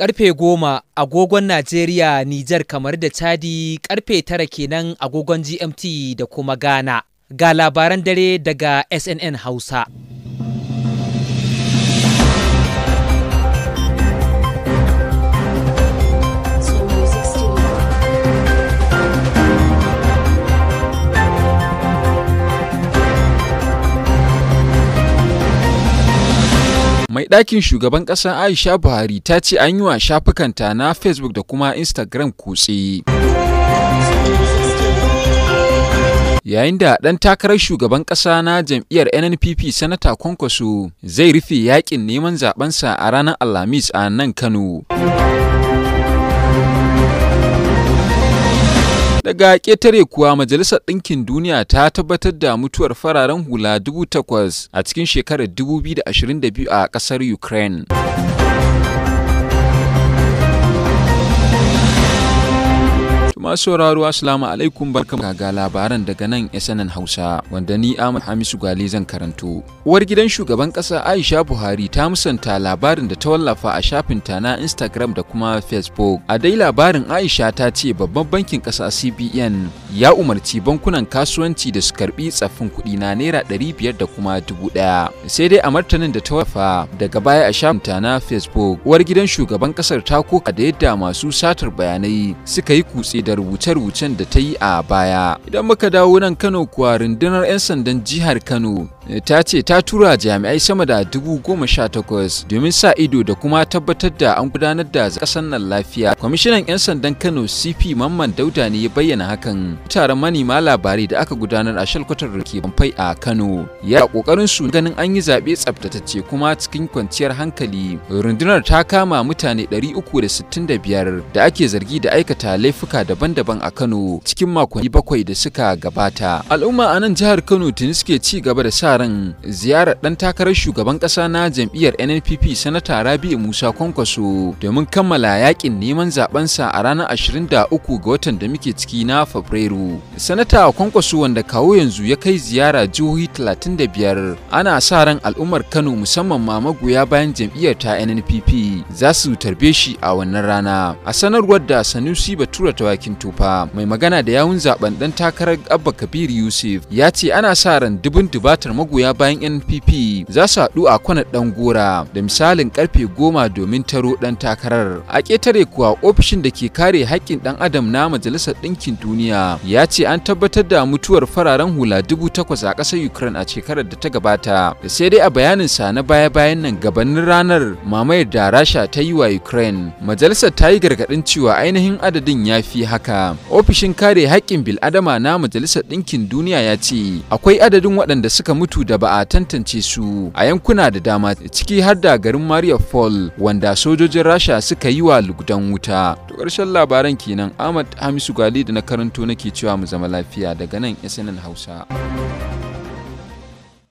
karfe goma agogon Najeriya, Nijar kamar da Chadi karfe tara kenan agogon GMT da kuma Ghana. Ga labaran dare daga SNN Hausa. Mai ɗakin shugaban ƙasa Aisha Buhari ta ce an yi wa shafukanta na Facebook da kuma Instagram kutse. Yayin da ɗan takarar shugaban ƙasa na jam'iyyar NNPP Sanata Kwankwaso zai rufe yaƙin neman zaɓensa a ranar Alhamis a nan Kano. Daga ƙetare kuwa Majalisar Ɗinkin Duniya ta tabbatar da mutuwar fararen hula 8,000 a cikin shekarar 2022 a ƙasar Ukraine. masu sauraro assalamu alaikum barkamu ga labaran daga nan sanan Hausa wanda ni Ahmad Hamisu Gali zan karanto. Uwar gidan shugaban kasa Aisha Buhari ta musanta labarin da ta wallafa a shafinta na Instagram da kuma Facebook. A dai labarin Aisha ta ce babban bankin kasa CBN ya umarci bankunan kasuwanci da su karbi tsaffin kuɗi na naira ɗari biyar da kuma ɗaya Sai dai a martanin da ta wallafa daga baya a shafinta na Facebook, uwar gidan shugaban kasar ta koka da yadda masu satar bayanai suka yi kutse da da rubuce-rubucen da ta yi a baya idan muka dawo nan kano kuwa rundunar 'yan sandan jihar kano eh, ta ce ta tura jami'ai sama da dubu goma sha takwas domin sa ido da kuma tabbatar da an gudanar da kasan nan lafiya kwamishinan 'yan sandan kano cp mamman dauda ne ya bayyana hakan taron manema labarai da aka gudanar a shalkwatar rike bamfai a kano ya kokarin su ganin an yi zaɓe tsabtatacce kuma cikin kwanciyar hankali rundunar ta kama mutane ɗari 365 da ake zargi da aikata laifuka da daban-daban a Kano cikin makonni bakwai da suka gabata. Al'umma a nan jihar Kano tuni suke ci gaba da sa ran ziyarar ɗan takarar shugaban ƙasa na jam'iyyar NNPP Sanata Rabi'u Musa Kwankwaso domin kammala yakin neman zaɓensa a ranar 23 ga watan da muke ciki na Fabrairu. Sanata Kwankwaso wanda kawo yanzu ya kai ziyara jihohi 35 ana sa ran al'ummar Kano musamman ma magoya bayan jam'iyyar ta NNPP za su tarbe shi a wannan rana. A sanarwar da Sanusi Batura ta aikin tufa mai magana da yawun zaben dan takarar abba kabir yusuf ya ce ana sa ran dubun dubatar magoya bayan npp za su haɗu a kwana dan gora da misalin karfe goma domin taro dan takarar a ketare kuwa ofishin da ke kare haƙƙin dan adam na majalisar ɗinkin duniya ya ce an tabbatar da mutuwar fararen hula dubu takwas a ƙasar ukraine a shekarar da ta gabata da sai dai a bayanin sa na baya-bayan nan gabanin ranar mamayar da rasha ta yi wa ukraine majalisar ta yi gargaɗin cewa ainihin adadin ya fi haka haka ofishin kare haƙƙin bil'adama na majalisar ɗinkin duniya ya ce akwai adadin waɗanda suka mutu da ba a tantance su a yankuna da dama ciki har da garin maria fall wanda sojojin rasha suka yi wa lugudan wuta to ƙarshen labaran kenan ahmad hamisu gali da na karanto nake cewa mu zama lafiya daga nan sanin hausa